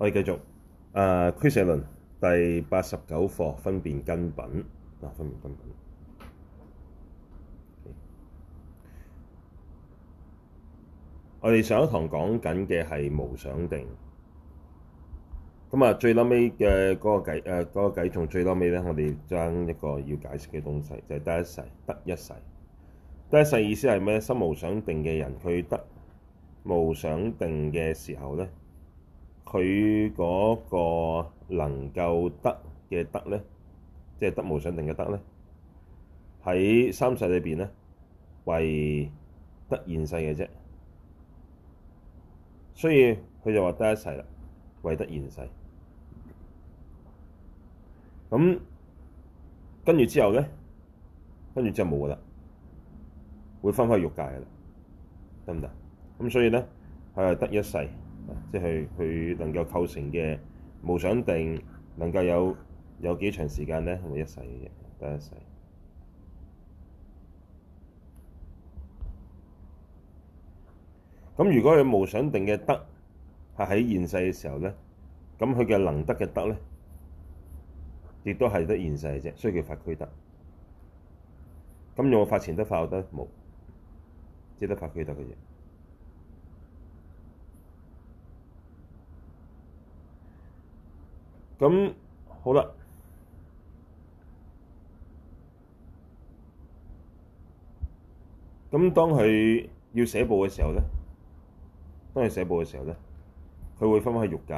我哋繼續，誒俱舍論第八十九課分別根品，嗱、啊、分別根品。Okay. 我哋上一堂講緊嘅係無想定，咁、嗯、啊最後尾嘅嗰個偈，誒、呃、嗰、嗰個偈仲最後尾咧，我哋將一個要解釋嘅東西就係、是、得一世，得一世，得一世意思係咩？修無想定嘅人，佢得無想定嘅時候咧。佢嗰個能夠得嘅得咧，即係得無想定嘅得咧，喺三世裏邊咧，唯得現世嘅啫，所以佢就話得一世啦，唯得現世。咁跟住之後咧，跟住之後冇啦，會翻返去欲界噶啦，得唔得？咁所以咧，佢係得一世。即係佢能夠構成嘅無想定，能夠有有幾長時間呢？係咪一世嘅啫？得一世。咁如果佢無想定嘅得係喺現世嘅時候呢，咁佢嘅能得嘅得呢，亦都係得現世嘅啫，所以叫法俱得。咁有冇法前得法後得？冇，只得法俱得嘅啫。咁好啦。咁當佢要寫報嘅時候咧，當佢寫報嘅時候咧，佢會分開去欲界。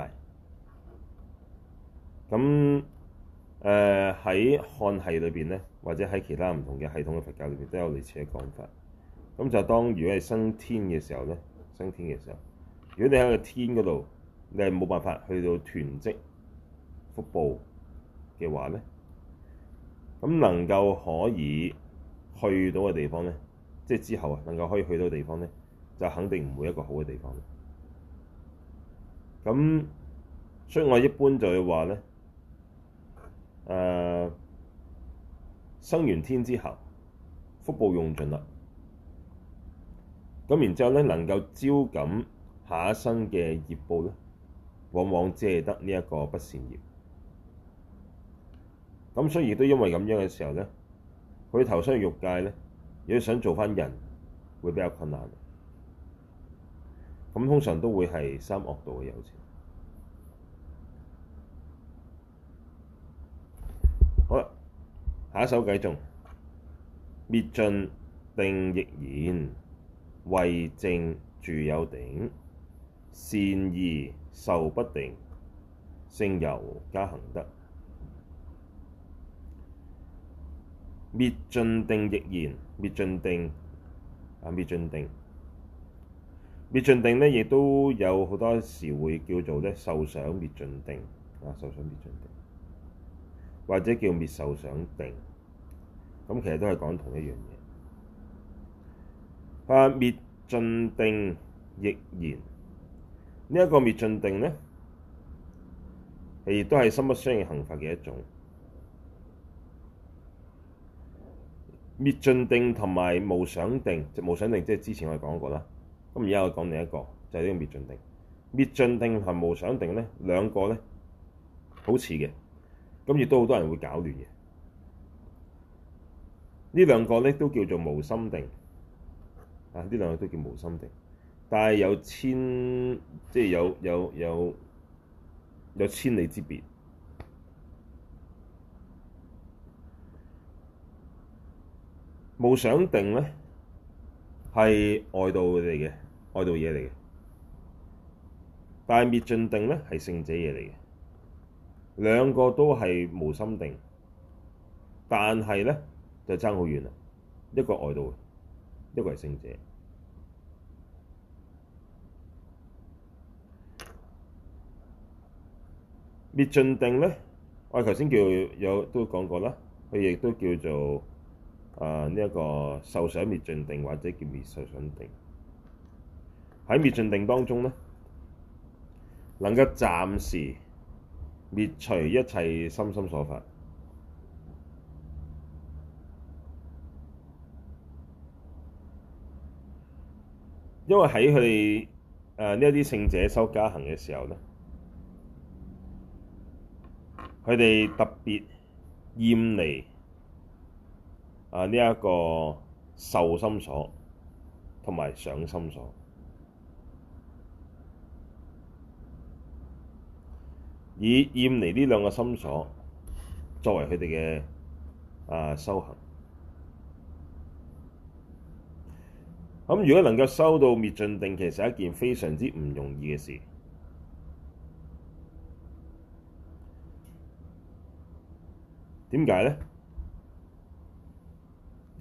咁誒喺漢系裏邊咧，或者喺其他唔同嘅系統嘅佛教裏邊都有類似嘅講法。咁就當如果係升天嘅時候咧，升天嘅時候，如果你喺個天嗰度，你係冇辦法去到團積。腹部嘅話咧，咁能夠可以去到嘅地方咧，即係之後能夠可以去到嘅地方咧，就肯定唔會一個好嘅地方啦。咁所以，我一般就會話咧，誒、呃、生完天之後，腹部用盡啦，咁然之後咧，能夠招感下一生嘅業報咧，往往只係得呢一個不善業。咁所以亦都因為咁樣嘅時候呢，佢投身欲界呢，如果想做翻人，會比較困難。咁通常都會係三惡道嘅有情。好啦，下一首繼續。滅盡定亦然，為靜住有頂，善二受不定，聖由加行得。滅盡定亦然，滅盡定啊，滅盡定，滅盡定咧，亦都有好多時會叫做咧受想滅盡定啊，受想滅盡定，或者叫滅受想定，咁、啊、其實都係講同一樣嘢。啊，滅盡定亦然，呢、這、一個滅盡定呢亦都係心不相應行法嘅一種滅盡定同埋無想定，即無想定，即係之前我哋講過啦。咁而家我講另一個，就係呢個滅盡定。滅盡定同無想定咧，兩個咧好似嘅，咁亦都好多人會搞亂嘅。呢兩個咧都叫做無心定，啊，呢兩個都叫無心定，但係有千，即係有有有有千里之別。無想定咧係外道嚟嘅，外道嘢嚟嘅。但滅盡定咧係聖者嘢嚟嘅，兩個都係無心定，但係咧就差好遠啦，一個外道，一個係聖者。滅盡定咧，我哋頭先叫有都講過啦，佢亦都叫做。啊！呢一、呃這個受想滅盡定或者叫滅受想定，喺滅盡定當中呢，能夠暫時滅除一切心心所法，因為喺佢哋呢一啲聖者修加行嘅時候呢，佢哋特別厭離。啊！呢、這、一個受心所同埋想心所，以厭離呢兩個心所作為佢哋嘅啊修行。咁如果能夠修到滅盡定，其實係一件非常之唔容易嘅事呢。點解咧？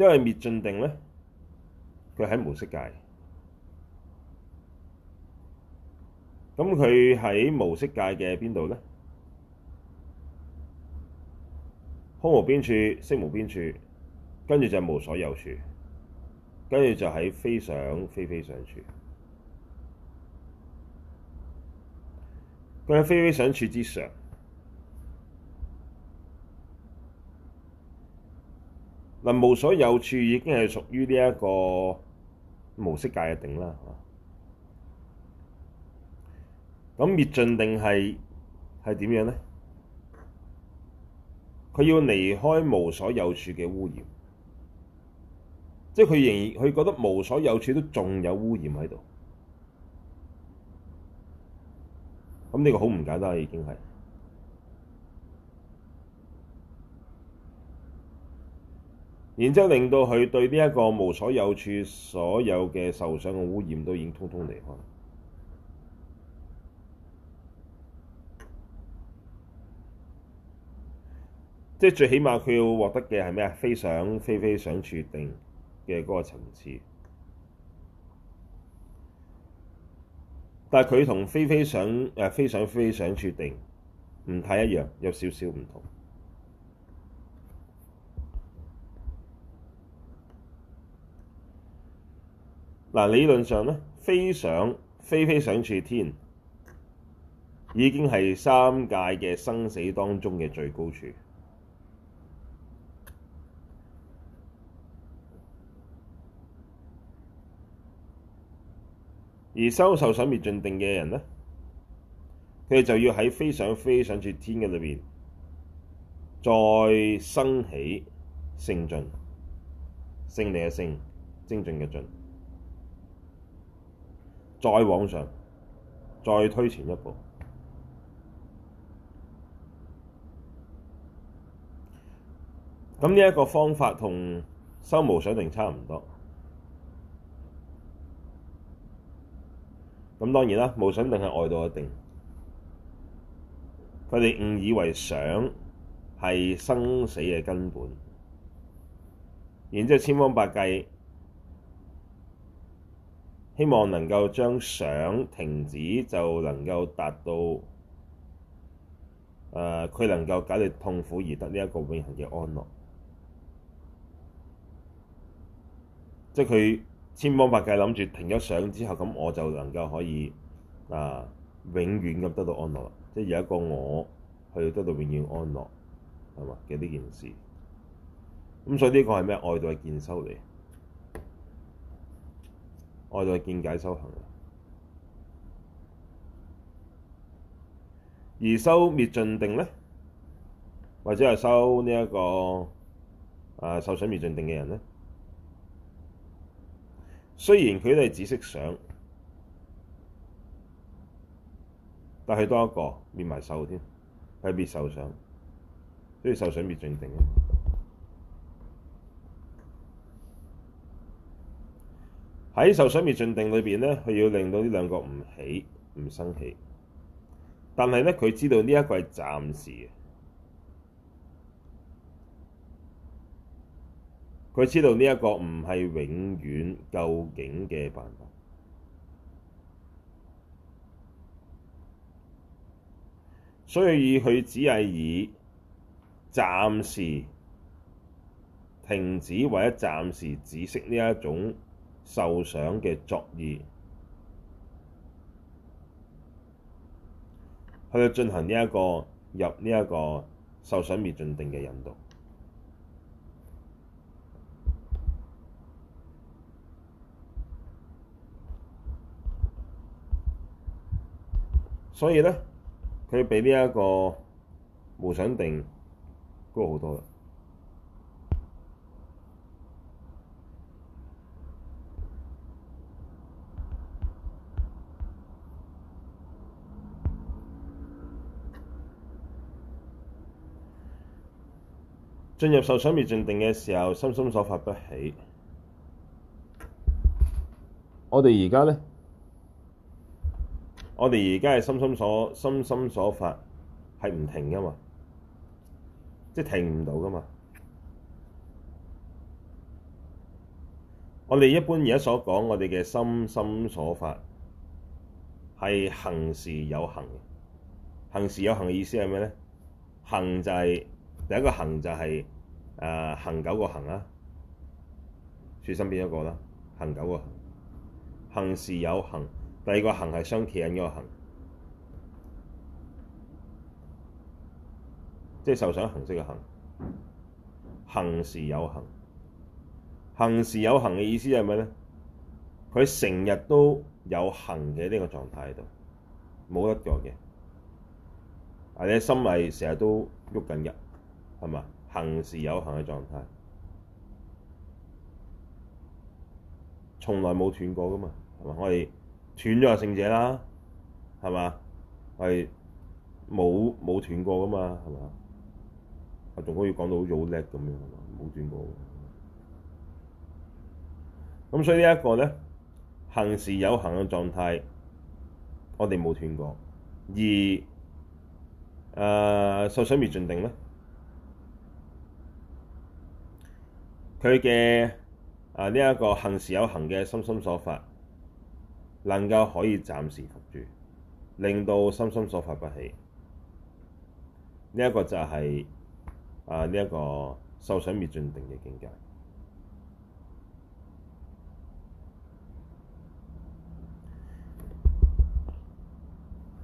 因為滅盡定咧，佢喺無色界。咁佢喺無色界嘅邊度咧？空無邊處，色無邊處，跟住就無所有處，跟住就喺非想、非非想處。佢喺非非想處之上。嗱，無所有處已經係屬於呢一個無色界嘅頂啦。咁滅盡定係係點樣呢？佢要離開無所有處嘅污染，即他，即係佢仍然覺得無所有處都仲有污染喺度。咁呢個好唔簡單，已經係。然之後令到佢對呢一個無所有處所有嘅受傷嘅污染都已經通通離開，即係最起碼佢要獲得嘅係咩啊？非想非非想決定嘅嗰個層次，但係佢同非非想誒非想非非想決定唔太一樣，有少少唔同。理論上呢，非想非非想處天已經係三界嘅生死當中嘅最高處，而修受想滅盡定嘅人呢，佢就要喺非想非非想處天嘅裏面，再生起勝進，勝利嘅勝，精進嘅進。再往上，再推前一步。咁呢一個方法同修無想定差唔多。咁當然啦，無想定係外道定，佢哋誤以為想係生死嘅根本，然之後千方百計。希望能夠將想停止，就能夠達到佢、呃、能夠解除痛苦而得呢一個永恆嘅安樂。即係佢千方百計諗住停咗想之後，咁我就能夠可以啊、呃，永遠咁得到安樂啦。即係有一個我去得到永遠安樂係嘛嘅呢件事。咁所以呢個係咩？外道嘅見修嚟。我哋見解修行，而修滅盡定咧，或者係修呢、這、一個啊、呃、受想滅盡定嘅人咧，雖然佢哋止息想，但係多一個滅埋受添，係滅受，受想滅，所以受想滅盡定。喺受想滅盡定裏邊呢，佢要令到呢兩個唔起唔生氣，但係呢，佢知道呢一個係暫時嘅，佢知道呢一個唔係永遠究竟嘅辦法，所以佢只係以暫時停止或者暫時止息呢一種。受想嘅作意去進行呢、這、一個入呢一個受想滅盡定嘅引導，所以咧佢比呢一個無想定高好多啦。進入受想滅盡定嘅時候，心心所法不起。我哋而家咧，我哋而家係心心所，心心所法係唔停噶嘛？即係停唔到噶嘛？我哋一般而家所講，我哋嘅心心所法係恆時有行，恆時有行嘅意思係咩咧？行就係、是。第一個恆就是、呃、恆久個恆啦、啊，豎心邊一個啦，恆久個恆,恆時有行。第二個行係相應嗰個行，即係受想行識嘅行恆時有行恆時有行嘅意思係咩咧？佢成日都有行嘅呢個狀態喺度，冇得做嘅，而且心係成日都喐緊嘅。是嘛？恆時有行嘅狀態，從來冇斷過㗎嘛，是吧？我哋斷咗就聖者啦，是吧，係我係冇冇斷過㗎嘛，是吧？係嘛？我仲可以講到好叻咁樣，冇斷過。咁所以呢一個呢，恆時有行嘅狀態，我哋冇斷過而。而，呃，受想滅盡定呢？佢嘅啊呢一、這個恆時有行嘅心心所法，能夠可以暫時伏住，令到心心所法不起。呢、這、一個就係、是、啊呢一、這個受想滅盡定嘅境界。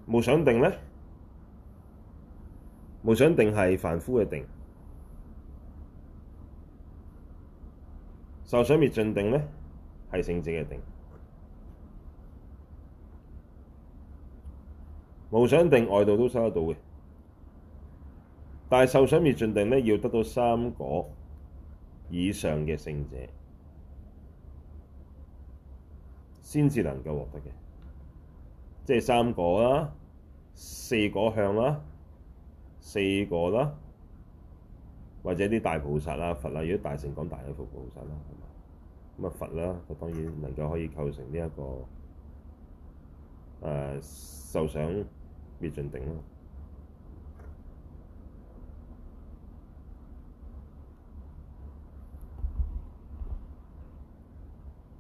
無想定呢？無想定係凡夫嘅定。受想滅盡定咧，係聖者嘅定。無想定外道都修得到嘅，但係受想滅盡定咧，要得到三果以上嘅聖者，先至能夠獲得嘅，即係三果啦、四果向啦、四果啦。或者啲大菩薩啦、啊、佛啦、啊，如果大乘講大嘅佛菩薩啦、啊，咁啊佛啦，就當然能夠可以構成呢、這、一個誒、呃、受想滅盡定啦、啊。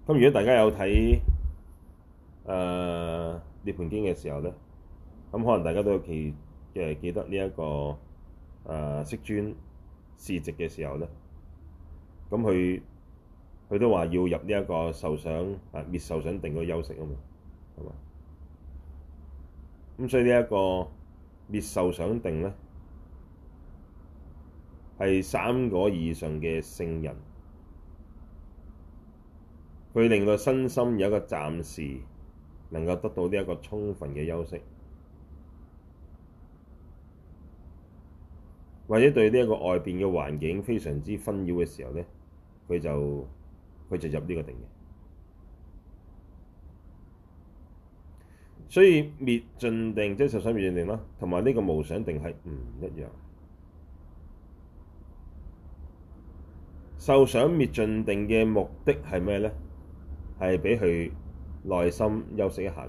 咁如果大家有睇誒《涅、呃、槃經》嘅時候咧，咁可能大家都有記誒記得呢、這、一個誒、呃、釋尊，示疾嘅時候咧，咁佢佢都話要入呢一個受想啊滅受想定嘅休息啊嘛，係嘛？咁所以呢一個滅受想定咧，係三果以上嘅聖人，佢令個身心有一個暫時能夠得到呢一個充分嘅休息。或者對呢個外邊嘅環境非常之紛擾嘅時候呢，佢就佢就入呢個定嘅。所以滅盡定即係、就是、受想滅盡定啦，同埋呢個無想定係唔一樣。受想滅盡定嘅目的係咩呢？係畀佢內心休息一下。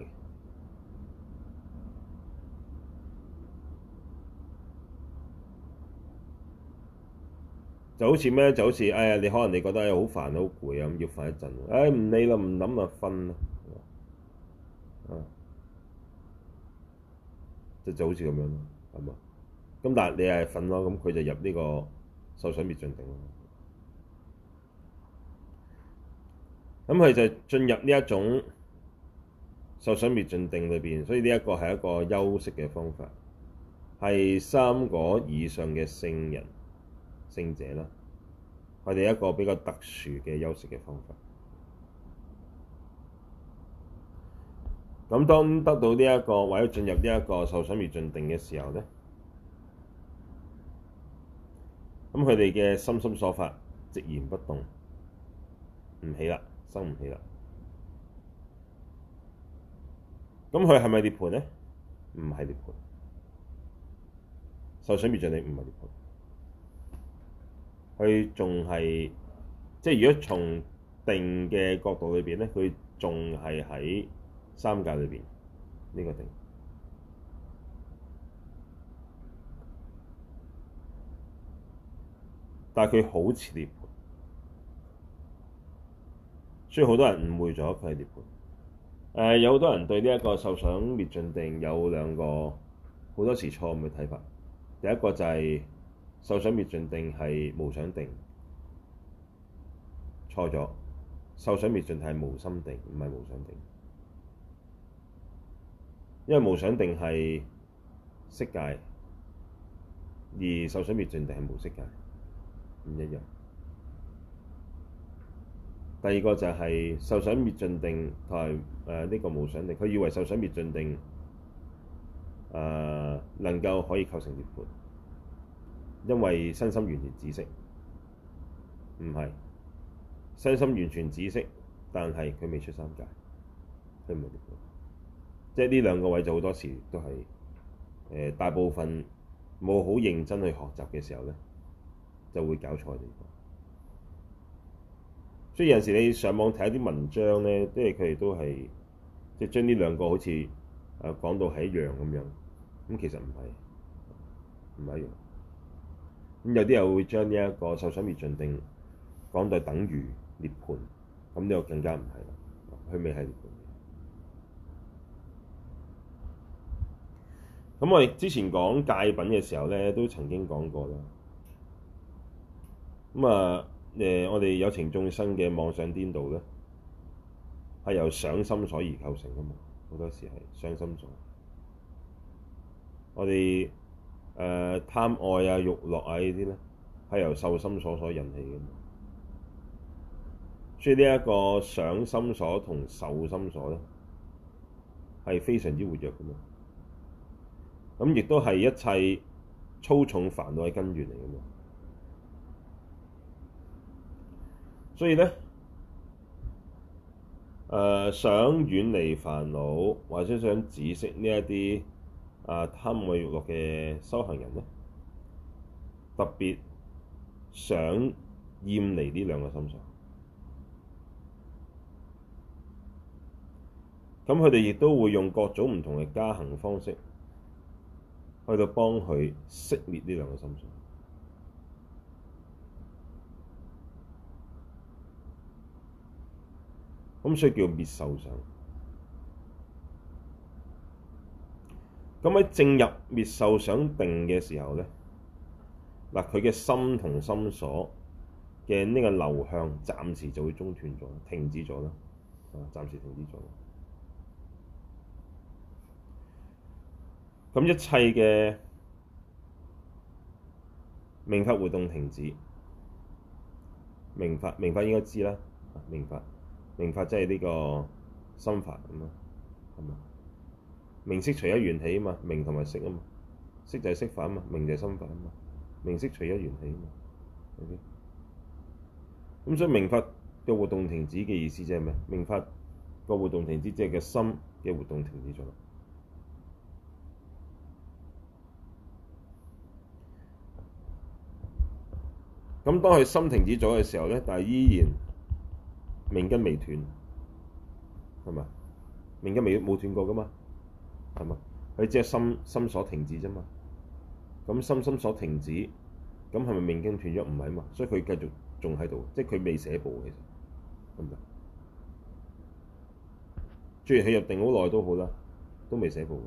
就好似咩，就好似哎呀，你可能你覺得好煩、好攰啊，咁要瞓一陣。哎，唔理啦，唔諗啦，瞓啦，啊。就好似咁樣咯，咁但係你係瞓咯，咁佢就入呢個受想滅盡定咯。咁佢就進入呢一種受想滅盡定裏面。所以呢一個係一個休息嘅方法，係三個以上嘅聖人。聖者啦，佢哋一個比較特殊嘅休息嘅方法。咁當得到呢、這、一個或者進入呢一個受想滅盡定嘅時候呢，咁佢哋嘅心心所法寂然不動，唔起啦，生唔起啦。咁佢係咪涅槃呢？唔係涅槃。受想滅盡定唔係涅槃。佢仲係即係如果從定嘅角度裏邊咧，佢仲係喺三界裏邊呢個定，但係佢好似涅槃，所以好多人誤會咗佢係涅槃。誒、呃，有好多人對呢一個受想滅盡定有兩個好多時錯誤嘅睇法，第一個就係、是。受想滅盡定係無想定，錯咗。受想滅盡定係無心定，唔係無想定。因為無想定係色界，而受想滅盡定係無色界，唔一樣。第二個就係受想滅盡定同誒呢個無想定，佢以為受想滅盡定、呃、能夠可以構成涅槃。因為身心完全止息，唔係身心完全止息，但係佢未出三界，即係呢兩個位就好多時都係誒、呃，大部分冇好認真去學習嘅時候咧，就會搞錯地方。所以有陣時你上網睇一啲文章咧，即係佢哋都係即係將呢兩個好似誒講到係一樣咁樣，咁其實唔係，唔係一樣。有啲人會將呢一個受想滅盡定講到等於涅槃，咁就更加唔係啦，佢未係涅槃嘅。咁我哋之前講界品嘅時候咧，都曾經講過啦。咁啊，誒，我哋有情眾生嘅妄想顛倒咧，係由想心所而構成啊嘛，好多時候係想心所。我哋。誒貪，呃、愛啊，慾樂啊呢啲咧，係由受心所所引起嘅。所，所，所，所以呢一個想心所同受心所咧，係非常之活躍嘅嘛。咁亦都係一切粗重煩惱嘅根源嚟嘅嘛。所以咧，誒想遠離煩惱，或者想止息呢一啲。啊！堪為落嘅修行人咧，特別想驗離呢兩個心相，咁佢哋亦都會用各種唔同嘅加行方式，去到幫佢熄滅呢兩個心相，咁所以叫滅受想。咁喺正入滅受想定嘅時候咧，嗱，佢嘅心同心所嘅呢個流向暫時就會中斷咗，停止咗啦，暫時停止咗。咁一切嘅名法活動停止，名法，名法應該知啦，名法、啊、名法即係呢個心法咁咯，係咪？名色除一緣起嘛，名同埋色啊嘛，色就係色法嘛，名就係心法嘛，名色除一緣起嘛。OK，咁所以名法嘅活動停止嘅意思即係咩？名法個活動停止，即係個心嘅活動停止咗。咁當佢心停止咗嘅時候咧，但係依然命根未斷，係咪？命根未冇斷過噶嘛？係嘛？佢只係心心所停止啫嘛。咁心心所停止，咁係咪命根斷咗？唔係啊嘛。所以佢繼續仲喺度，即係佢未捨報其，明唔明？雖然佢入定好耐都好啦，都未捨報嘅。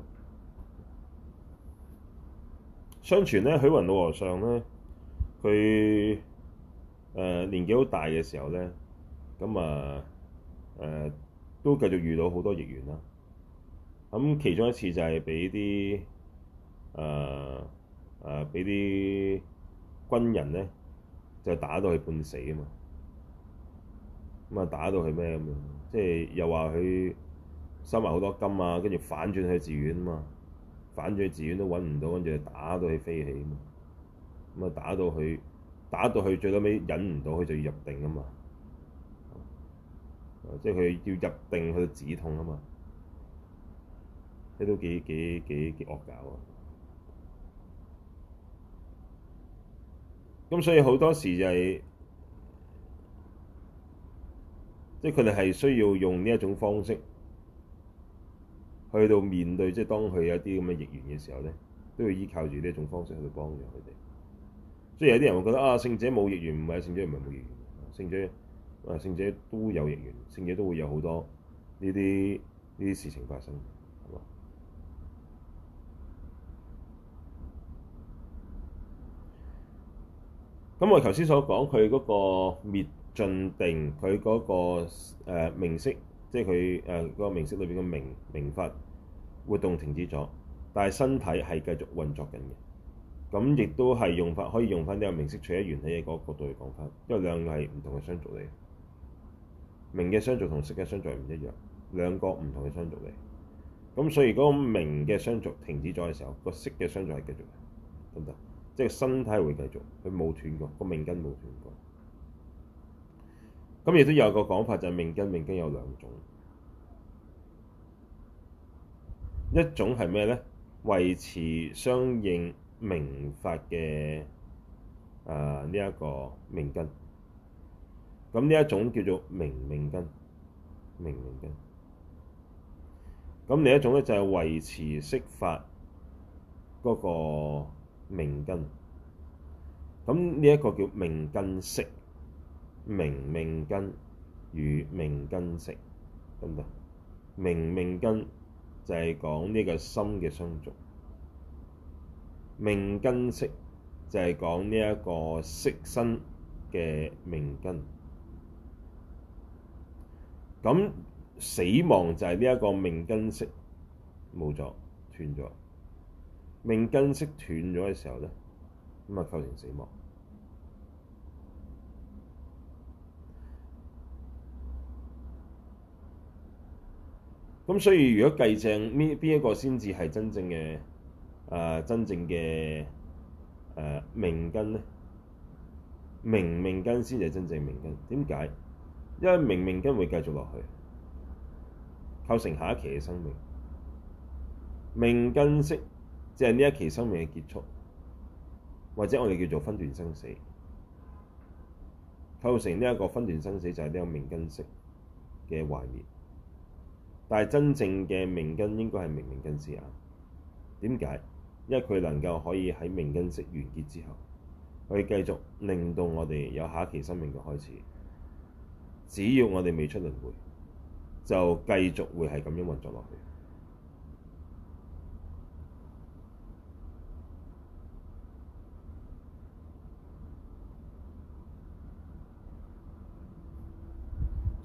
相傳咧，虛雲老和尚咧，佢誒、呃、年紀好大嘅時候咧，咁啊誒都繼續遇到好多逆緣啦。咁其中一次就係畀啲誒誒俾啲軍人咧，就打到佢半死啊嘛！咁啊打到佢咩咁樣？即係又話佢收埋好多金啊，跟住反轉去寺院啊嘛！反轉去寺院都揾唔到，跟住打到佢飛起啊嘛！咁啊打到佢打到佢最屘尾忍唔到，佢就要入定啊嘛！即係佢要入定去止痛啊嘛！都幾幾幾惡搞啊！咁所以好多時就係即係佢哋係需要用呢一種方式去到面對，即係當佢有啲咁嘅逆緣嘅時候咧，都要依靠住呢一種方式去到幫助佢哋。所以有啲人會覺得啊，聖者冇逆緣，唔係啊聖者唔係冇逆緣，聖者啊聖者都有逆緣，聖者都會有好多呢啲呢啲事情發生。咁、嗯、我頭先所講，佢嗰個滅盡定，佢嗰、嗰個誒名色，即係佢誒嗰個名色裏邊嘅名名法活動停止咗，但係身體係繼續運作緊嘅。咁、嗯、亦都係用法可以用翻呢個名色除咗元起嘅角度嚟講法，因為兩個係唔同嘅相續嚟。名嘅相續同色嘅相續唔一樣，兩個唔同嘅相續嚟。咁、嗯、所以如果名嘅相續停止咗嘅時候，個色嘅相續係繼續，得唔得？即係身體會繼續，佢冇斷過，個命根冇斷過。咁亦都有個講法，就係、是、命根，命根有兩種，一種係咩咧？維持相應名法嘅啊呢一個命根，咁呢一種叫做名命根，名命根。咁另一種咧就係、是、維持色法嗰、那個。命根，咁呢一個叫命根色。名命根與命根色，得唔得？名命根就係講呢個心嘅相續，命根色就係講呢一個色身嘅命根，咁死亡就係呢一個命根色，冇咗，斷咗。命根色斷咗嘅時候呢，咁啊構成死亡。咁所以如果計正呢邊一個先至係真正嘅，誒、呃、真正嘅誒命根呢？名命根先係真正命根。點解？因為名命根會繼續落去，構成下一期嘅生命。命根色，即係呢一期生命嘅結束，或者我哋叫做分段生死，構成呢一個分段生死就係呢個命根色嘅壞滅。但係真正嘅命根應該係名命根啊？點解？因為佢能夠可以喺命根色完結之後，可以繼續令到我哋有下一期生命嘅開始。只要我哋未出輪迴，就繼續會係咁樣運作落去。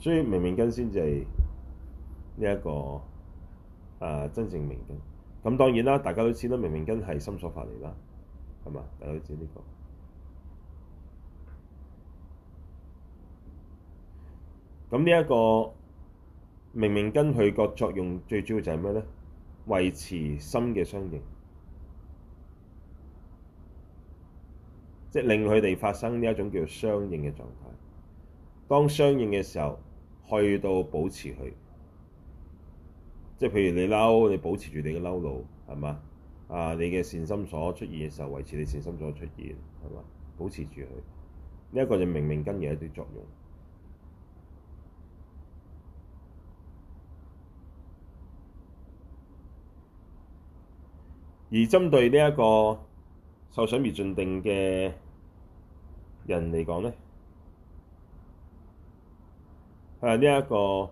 所以名命根先至係呢一個誒、啊、真正名根，咁當然啦，大家都知啦，名命根係心所法嚟啦，係嘛？大家都知呢個。咁呢一個名命根佢個作用最主要就係咩咧？維持心嘅相應，即、就、係、是、令佢哋發生呢一種叫相應嘅狀態。當相應嘅時候。去到保持佢，即係譬如你嬲，你保持住你嘅嬲怒，係嘛？啊，你嘅善心所出現嘅時候，維持你善心所出現，係嘛？保持住佢，呢一個就名命根嘅一啲作用。而針對呢一個受想滅盡定嘅人嚟講咧。係呢一個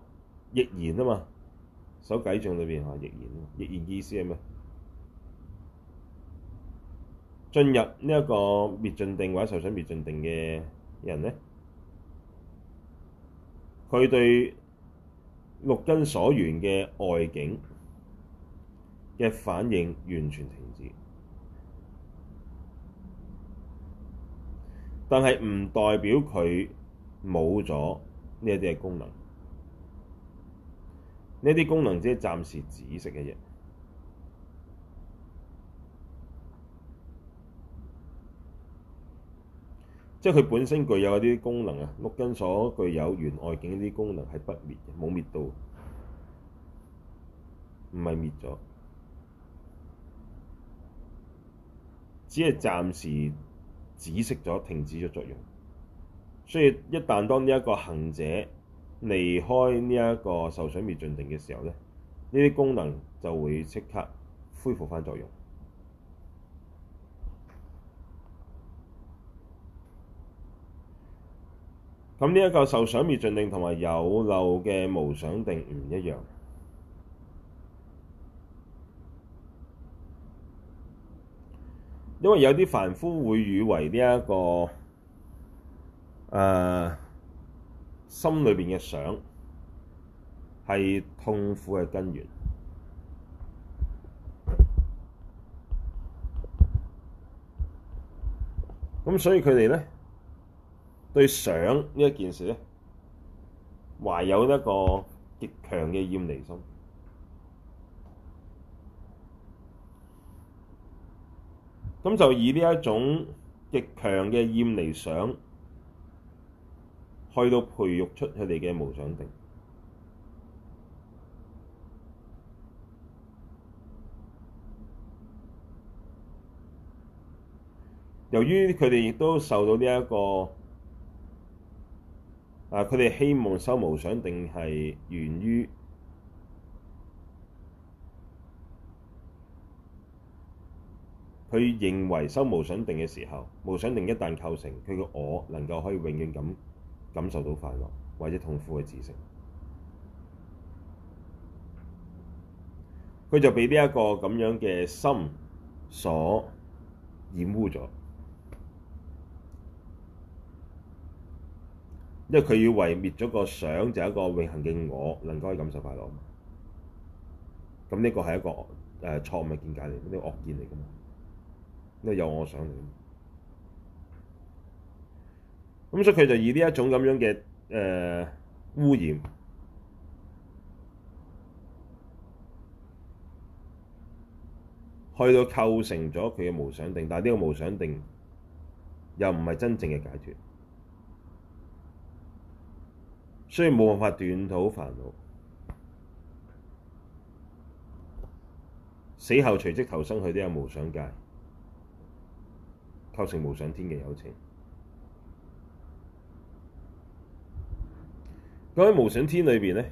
亦然啊嘛，手計象裏面話亦然啊，亦然，亦然意思係咩？進入呢一個滅盡定或者受想滅盡定嘅人咧，佢對六根所緣嘅外境嘅反應完全停止，但係唔代表佢冇咗。呢啲係功能，呢啲功能只係暫時止息嘅嘢，即係佢本身具有一啲功能啊！六根所具有緣外境一啲功能係不滅嘅，冇滅到，唔係滅咗，只係暫時止息咗，停止咗作用。所以一旦當呢一個行者離開呢一個受想滅盡定嘅時候咧，呢啲功能就會即刻恢復返作用。咁呢一個受想滅盡定同埋有漏嘅無想定唔一樣，因為有啲凡夫會以為呢一個。呃、uh, 心裏邊嘅想係痛苦嘅根源，咁所以佢哋呢對想呢一件事呢，懷有一個極強嘅厭離心，咁就以呢一種極強嘅厭離想。去到培育出佢哋嘅無想定。由於佢哋亦都受到呢一個啊，佢哋希望修無想定係源於佢認為修無想定嘅時候，無想定一旦構成，佢嘅我能夠可以永遠咁。感受到快樂或者痛苦嘅知識，佢就俾呢一個咁樣嘅心所染污咗，因為佢要毀滅咗個想，就係、一個永恆嘅我，能夠感受快樂啊，咁呢個係一個誒、呃、錯誤嘅見解嚟，呢個惡見嚟噶嘛，呢個有我想。咁所以佢就以呢一種咁樣嘅誒、呃、污染，去到構成咗佢嘅無想定，但係呢個無想定又唔係真正嘅解脫，所以冇辦法斷套煩惱，死後隨即投生去啲有無想界，構成無想天嘅有情。佢喺無想天裏邊咧，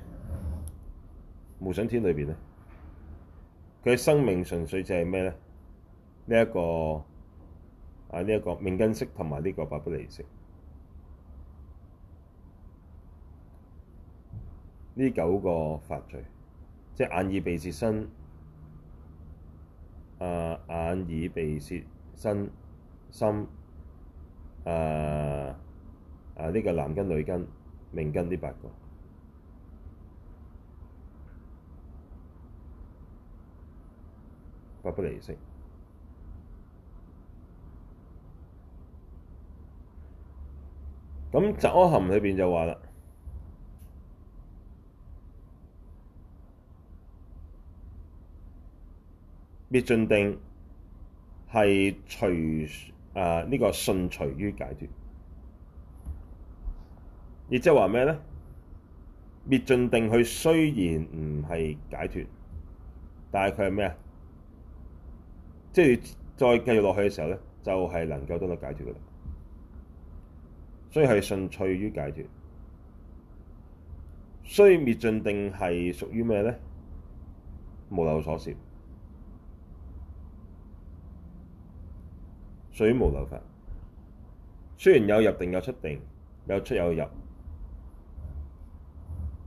無想天裏邊咧，佢嘅生命純粹就係咩咧？呢、這、一個啊呢一、這個命根色同埋呢個八不離色，呢九個法聚，即係眼耳鼻舌身啊眼耳鼻舌身心啊啊呢、這個男根女根。命根呢八個，八不離色。咁雜阿含裏邊就話啦，滅盡定係隨啊呢、這個順隨於解脱。亦即係話咩呢？滅盡定佢雖然唔係解脱，但係佢係咩啊？即係再繼續落去嘅時候呢，就係、是、能夠得到解脱嘅。所以係順趣於解脱。所以滅盡定係屬於咩呢？無漏所攝，屬於無漏法。雖然有入定，有出定，有出有入。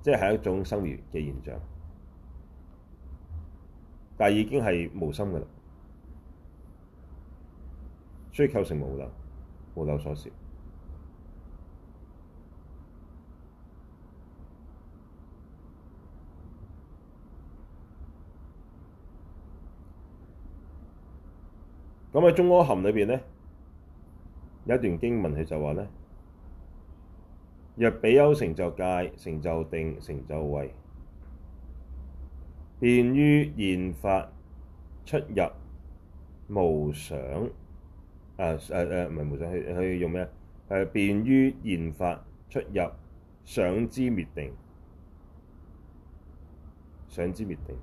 即係一種生滅嘅現象，但已經係無心嘅了，所以構成無漏、無漏所攝。咁喺中阿含裏面咧，有一段經文說，佢就話若比丘成就戒、成就定、成就慧，便於現法出入無想。啊啊啊！唔係無想，去去用咩啊？誒，便於現法出入想知滅定，想知滅定，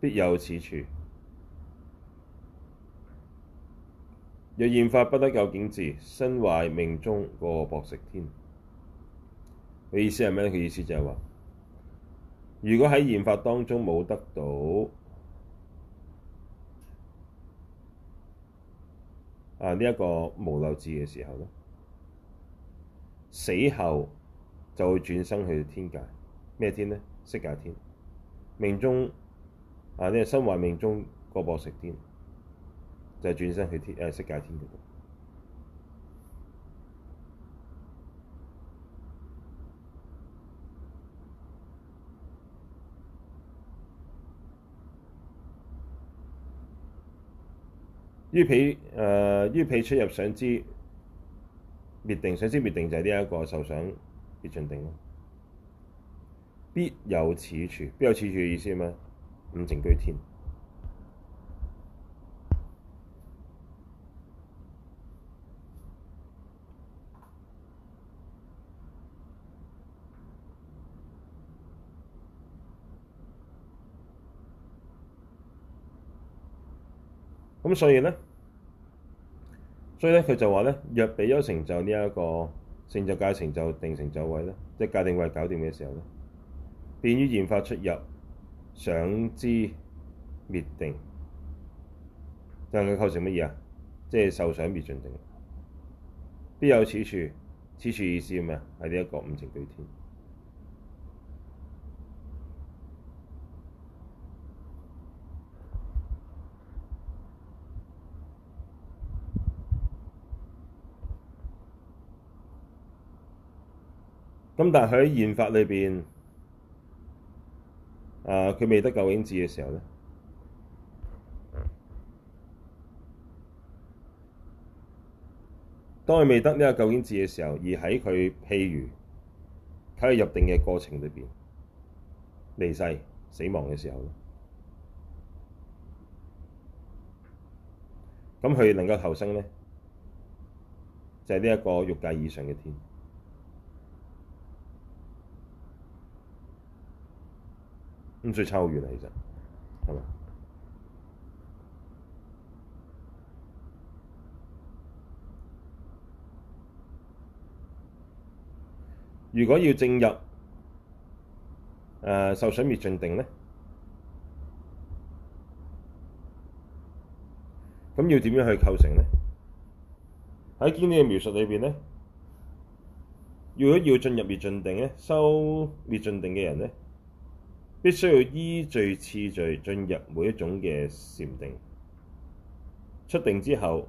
必有此處。若現法不得究竟智，身壞命終過搏食天，佢意思係咩咧？佢意思就係話，如果喺現法當中冇得到啊呢一、這個無漏智嘅時候呢，死後就會轉生去天界，咩天呢？色界天，命中啊，呢個身壞命終過搏食天。就係轉身去天，誒、呃、色界天嗰度，呃。於彼誒，於彼出入想知滅定，想知滅定就係呢一個受想滅盡定咯。必有此處，必有此處嘅意思係咩？五淨居天。咁所以咧，所以咧，佢就話咧，若俾咗成就呢一個成就戒、成就定、成就慧咧，即戒定慧搞掂嘅時候咧，便於現法出入，想知滅定，但佢構成乜嘢啊？即受想滅盡定，必有此處，此處意思咩啊？係呢一個五淨居天。咁但喺現法裏邊，啊，佢未得究竟智嘅時候咧，當佢未得呢個究竟智嘅時候，而喺佢譬如喺佢入定嘅過程裏邊離世死亡嘅時候咧，咁佢能夠投生咧，就係呢一個欲界以上嘅天。咁所以差好遠啊！其實，係嘛？如果要進入誒受想滅盡定呢，咁要點樣去構成呢？喺經典嘅描述裏面呢，如果要進入滅盡定呢，修滅盡定嘅人呢。必須要依序次序進入每一種嘅禪定，出定之後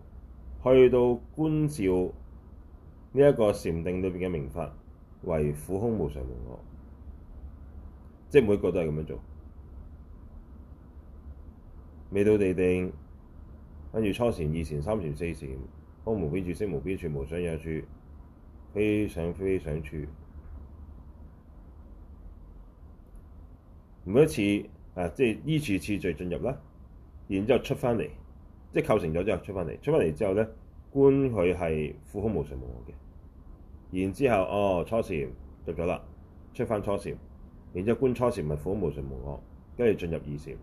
去到觀照呢一個禪定裏邊嘅名法，為苦空無常無我，即係每一個都係咁樣做。未到地定，跟住初禪、二禪、三禪、四禪，空無邊處、色無邊處、無所有處、非想非非想處。每一次啊，即係依次次序進入啦，然之後出翻嚟，即係構成咗之後出翻嚟。出翻嚟之後咧，觀佢係苦空無常無我嘅。然之後哦，初禪入咗啦，出翻初禪，然之後觀初禪咪苦無常無我，跟住進入二禪，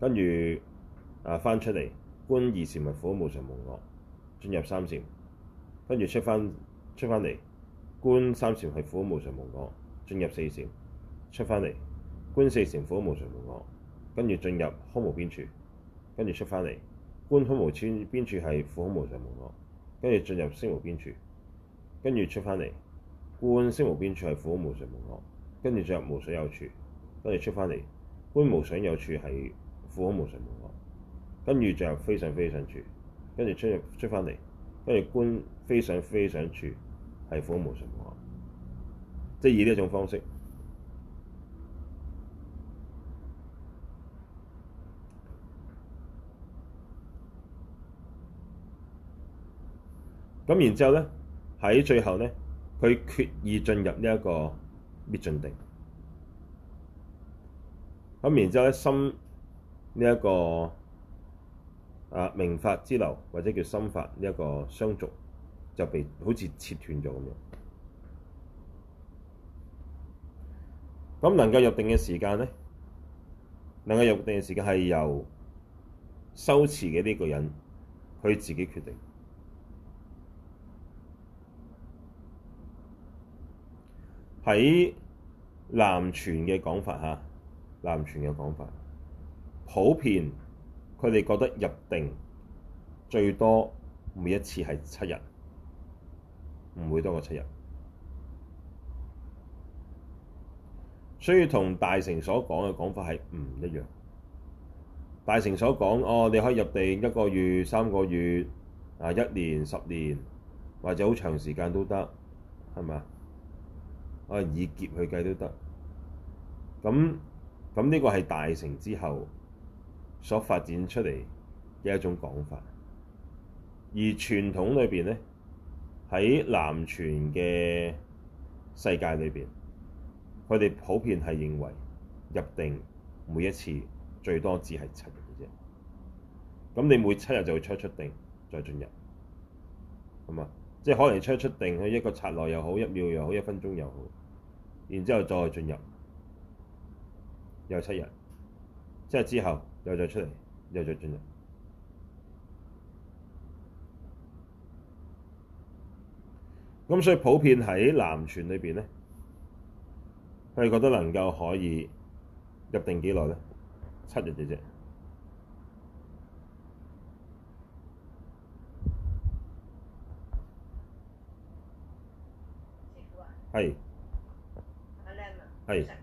跟住啊翻出嚟，觀二禪咪苦無常無我，進入三禪，跟住出翻出翻嚟，觀三禪係苦無常無我，進入四禪，出翻嚟。觀四成苦無常無我，跟住進入空無邊處，跟住出翻嚟；觀空無邊處邊處係苦無常無我，跟住進入色無邊處，跟住出翻嚟；觀色無邊處係苦無常無我，跟住進入無所有處，跟住出翻嚟；觀無所有處係苦無常無我，跟住進入非常非常處，跟住出出翻嚟；跟住觀非常非常處係苦無常無我，即係以呢一種方式。咁然之後咧，喺最後咧，佢決意進入呢一個滅盡定。咁然之後咧，心呢一個啊名法之流或者叫心法呢一個相續就被好似切斷咗咁樣。咁能夠入定嘅時間咧，能夠入定嘅時間係由修持嘅呢個人佢自己決定。喺南傳嘅講法嚇，南傳嘅講法普遍，佢哋覺得入定最多每一次係七日，唔會多過七日。所以同大乘所講嘅講法係唔一樣。大乘所講，哦，你可以入定一個月、三個月、啊一年、十年或者好長時間都得，係咪啊？我、啊、以劫去計都得。咁咁呢個係大乘之後所發展出嚟嘅一種講法，而傳統裏面咧，喺南傳嘅世界裏邊，佢哋普遍係認為入定每一次最多只係七日嘅啫。咁你每七日就會出一出定再進入，咁啊。即係可能出一出定佢一個剎那又好，一秒又好，一分鐘又好，然之後再進入又七日，即係之後又再出嚟，又再進入。咁所以普遍喺南傳裏面咧，佢哋覺得能夠可以入定幾耐咧？七日嘅啫。係。係、呃。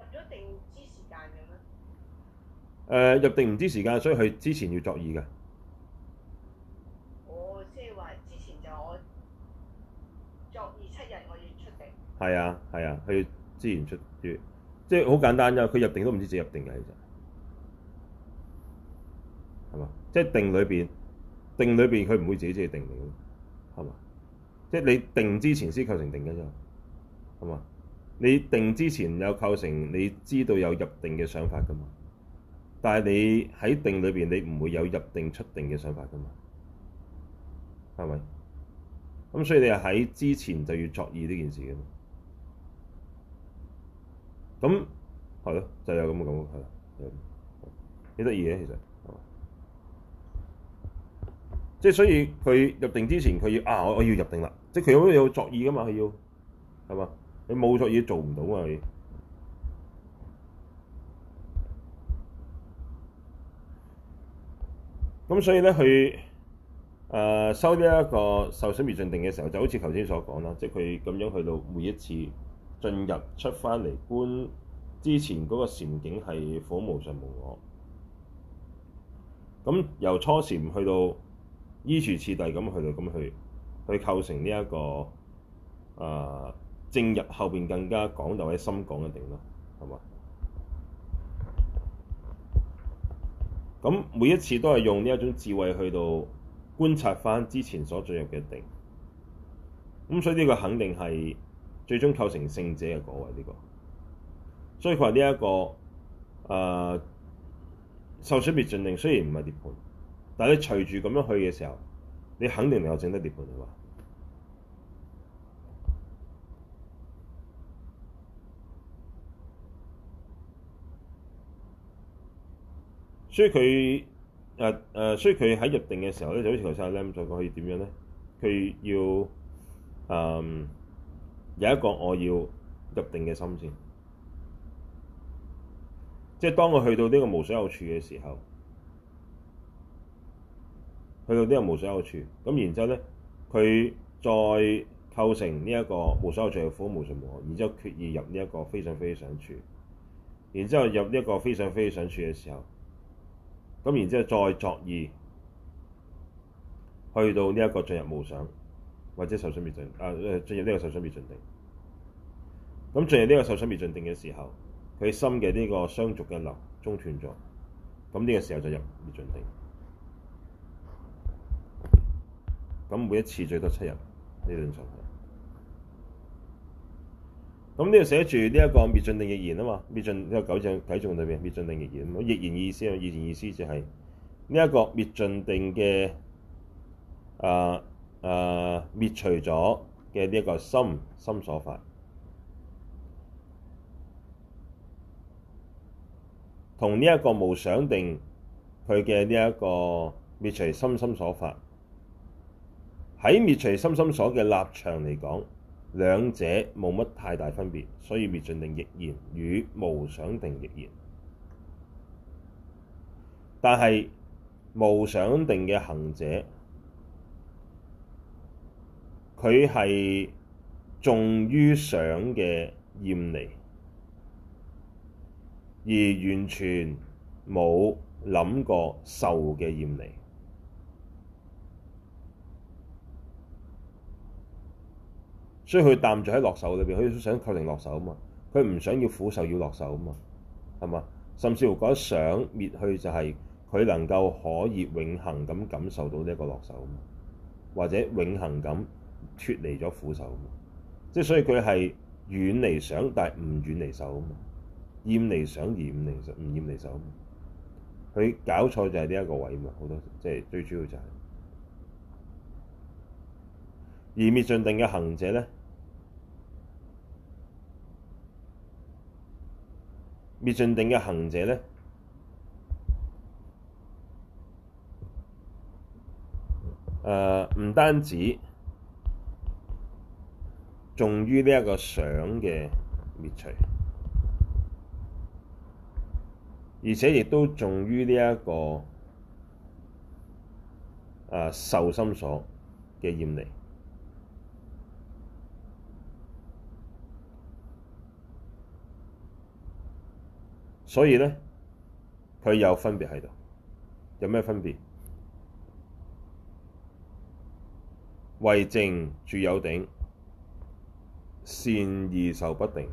入咗定知時間嘅咩？誒入定唔知時間，所以佢之前要作意嘅。我即係話之前就我作意七日，我要出定。係啊，係啊，佢之前出於即係好簡單啫。佢入定都唔知自己入定嘅，其實係嘛？即係、就是、定裏邊定裏邊，佢唔會自己自己定嚟嘅，係嘛？即、就、係、是、你定之前先構成定嘅啫。係嘛？你定之前有構成，你知道有入定嘅想法噶嘛？但係你喺定裏邊，你唔會有入定出定嘅想法噶嘛？係咪？咁所以你係喺之前就要作意呢件事嘛。咁係咯，就有咁嘅感覺，係。幾得意嘅其實，即係所以佢入定之前，佢要啊，我我要入定啦，即係佢有作的要作意噶嘛？佢要係嘛？你冇錯，嘢做唔到啊！咁所以咧，佢誒、呃、收呢一個受想滅盡定嘅時候，就好似頭先所講啦，即係佢咁樣去到每一次進入出翻嚟觀之前嗰個禪境係苦無常無我。咁由初禪去到依處次第咁去到咁去去構成呢、這、一個誒。呃正入後邊更加講到喺深廣嘅定咯，係嘛？咁每一次都係用呢一種智慧去到觀察翻之前所進入嘅定，咁所以呢個肯定係最終構成聖者嘅個位呢、這個。所以佢話呢一個誒、呃、受想滅盡定雖然唔係涅槃，但係你隨住咁樣去嘅時候，你肯定能夠整得涅槃嘅話。是吧。所以佢誒誒，所以佢喺入定嘅時候咧，就好似頭先阿 Len 所講，可以點樣咧？佢要誒有一個我要入定嘅心先，即係當佢去到呢個無所有處嘅時候，去到呢個無所有處咁，然之後咧，佢再構成呢一個無所有處嘅苦、無常、無我，然之後決意入呢一個非想非非想處，然之後入呢一個非想非非想處嘅時候。咁然之後再作意，去到呢個進入無想，或者受想滅盡，啊進入呢個受想滅盡定。咁進入呢個受想滅盡定嘅時候，佢心嘅呢個相續嘅流中斷咗，咁、這、呢個時候就入滅盡定。咁每一次最多七日呢段時間。咁呢度寫住呢個滅盡定亦然啊嘛，滅盡呢、這個九種體種裏邊，滅盡定亦然。亦然意思、就是這個、啊，亦然意思就係呢一個滅盡定嘅啊啊滅除咗嘅呢一個心心所法，同呢一個無想定佢嘅呢一個滅除心心所法，喺滅除心心所嘅立場嚟講。兩者冇乜太大分別，所以滅盡定亦然與無想定亦然。但係無想定嘅行者，佢係重於想嘅厭離，而完全冇諗過受嘅厭離。所以佢淡住喺樂受裏邊，佢想求定樂受啊嘛，佢唔想要苦受，要樂受啊嘛，係嘛？甚至乎覺得想滅去就係、是、佢能夠可以永恆咁感受到呢一個樂受，嘛，或者永恆咁脫離咗苦受啊嘛。即係所以佢係遠離想，但係唔遠離受啊嘛，厭離想而唔離唔厭離受啊嘛。佢搞錯就係呢一個位啊，好多即係、就是、最主要就係、是、而滅盡定嘅行者咧。滅盡定嘅行者呢，唔、呃、單止重於呢一個想嘅滅除，而且亦都重於呢、這、一個誒、呃、受心所嘅厭離。所以呢，佢有分別喺度，有咩分別？為靜住有頂，善二受不定。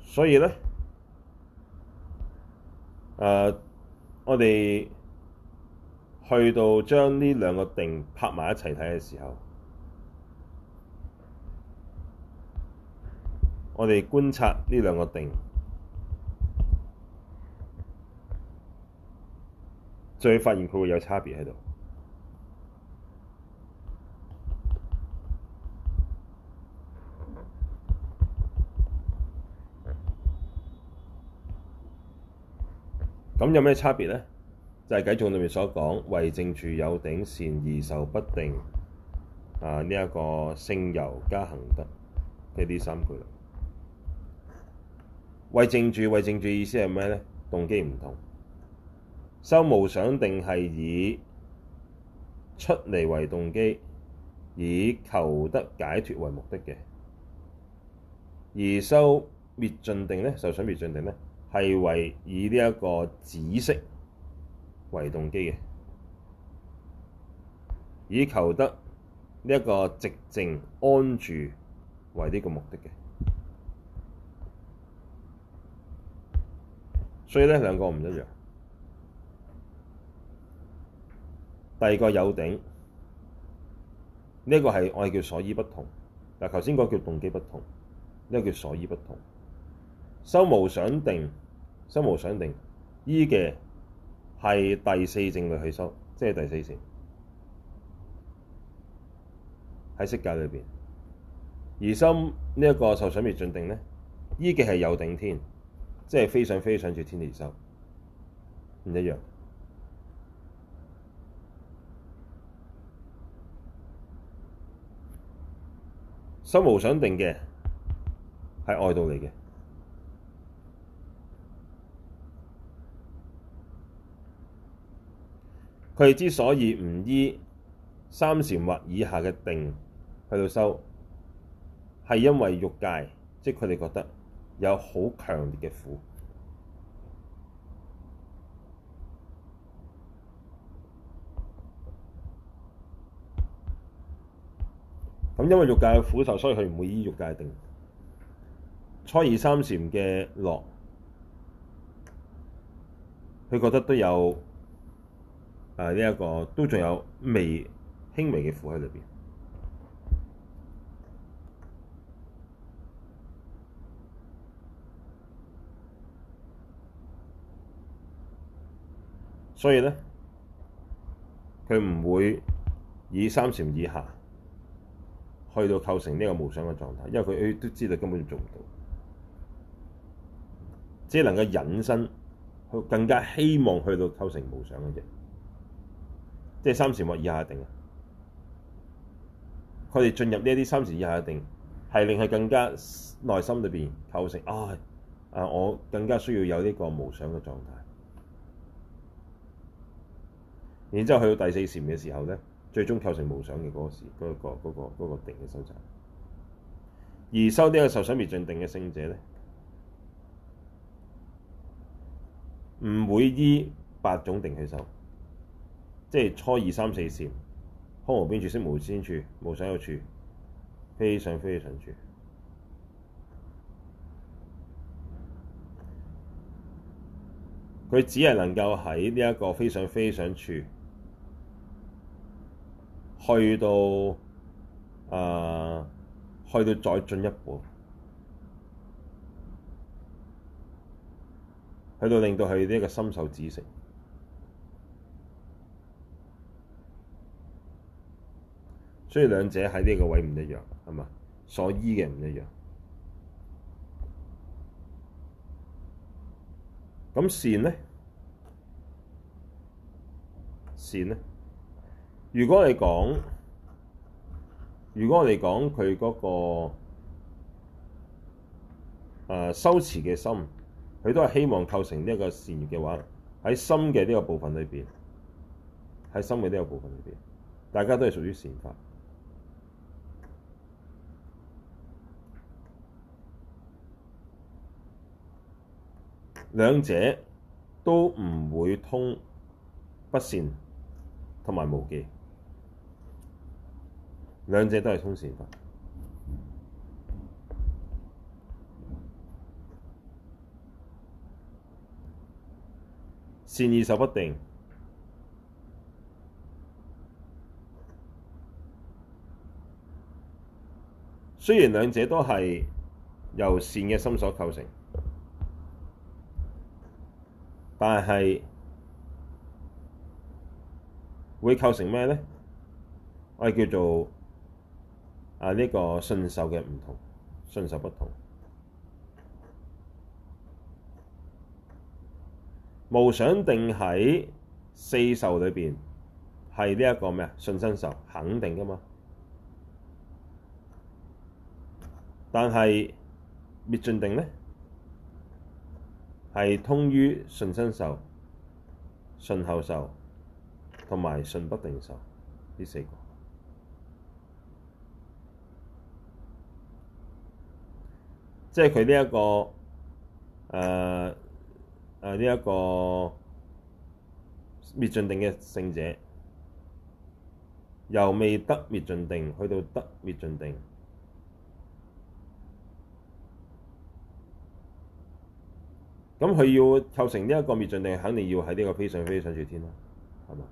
所以呢，誒、啊，我哋。去到將呢兩個定拍埋一齊睇嘅時候，我哋觀察呢兩個定，就會發現佢會有差別喺度。咁有咩差別咧？就係偈頌裏面所講，為靜住有頂善二受不定啊！呢、這、一個聖由加行得呢三句啦。為靜住，為靜住意思係咩呢？動機唔同，修無想定係以出離為動機，以求得解脱為目的嘅。而修滅盡定呢，受想滅盡定呢，係為以呢、這、一個止息。為動機嘅，以求得呢一個寂靜安住為呢個目的嘅，所以呢兩個唔一樣。第二個有頂，呢一個係我哋叫所依不同。嗱，頭先嗰個叫動機不同，呢個叫所依不同。修無想定，修無想定依嘅。係第四正律去修，即係第四禪。喺色界裏邊，而心呢一個受想滅盡定呢，依嘅係有頂天，即係非想非非想處天地修，唔一樣。心無想定嘅，係外道嚟嘅。佢哋之所以唔依三禪或以下嘅定去到修，係因為欲界，即係佢哋覺得有好強烈嘅苦。咁因為欲界嘅苦受，所以佢唔會依欲界定。初二三禪嘅樂，佢覺得都有。誒呢一個都仲有未輕微嘅苦喺裏邊，所以咧佢唔會以三禪以下去到構成呢一個無想嘅狀態，因為佢都知道根本做唔到，只能夠隱身去更加希望去到構成無想嘅啫。即係三禪或以下一定，佢哋進入呢啲三禪以下一定，係令佢更加內心裏邊構成唉，啊！我更加需要有呢個無想嘅狀態。然之後去到第四禪嘅時候咧，最終構成無想嘅嗰個時嗰個嗰個嗰個嗰個定嘅收集。而收呢個受想滅盡定嘅聖者咧，唔會依八種定去收。即係初二三四禪，空無邊處，識無邊處，無所有處，非想非非想處。佢只係能夠喺呢一個非想非非想處，去到啊、呃，去到再進一步，去到令到佢呢一個受想止息。所以兩者喺呢個位唔一樣，係嘛？所依嘅唔一樣。咁善呢？善呢？如果我哋講，如果我哋講佢嗰個修持嘅心，佢都係希望構成呢一個善業嘅話，喺心嘅呢個部分裏面，喺心嘅呢個部分裏面，大家都係屬於善法。兩者都唔會通不善同埋無記，兩者都係通善法，善，二受不定。雖然兩者都係由善嘅心所構成，但係會構成咩咧？我哋叫做啊呢個信受嘅唔同，信受不同。無想定喺四受裏邊係呢一個咩啊？信身受肯定㗎嘛？但係滅盡定咧？係通於順身受、順後受、同埋順不定受，呢四個，即係佢呢一個誒誒呢一個滅盡定嘅聖者，由未得滅盡定去到得滅盡定。咁佢要構成呢一個滅盡定，肯定要喺呢個非想非非想處天啦。係嘛？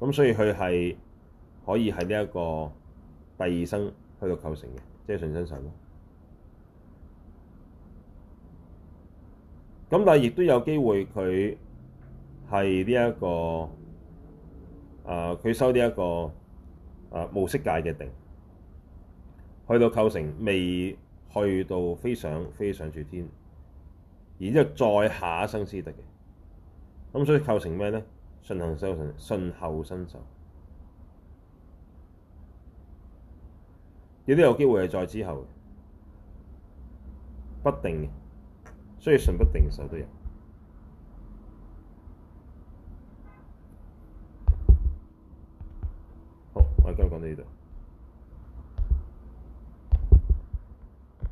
咁所以佢係可以喺呢一個第二生去到構成嘅，即、就、係、是、上身上咯。咁但係亦都有機會佢係呢一個啊，佢、呃、收呢、這、一個啊、呃、無色界嘅定，去到構成未去到非想非非想處天，然之後再下一生先得嘅，咁所以構成咩咧？順後生受，順後生受，亦都有機會係在之後嘅，不定嘅，所以順不定受都有。好，我而家講到呢度。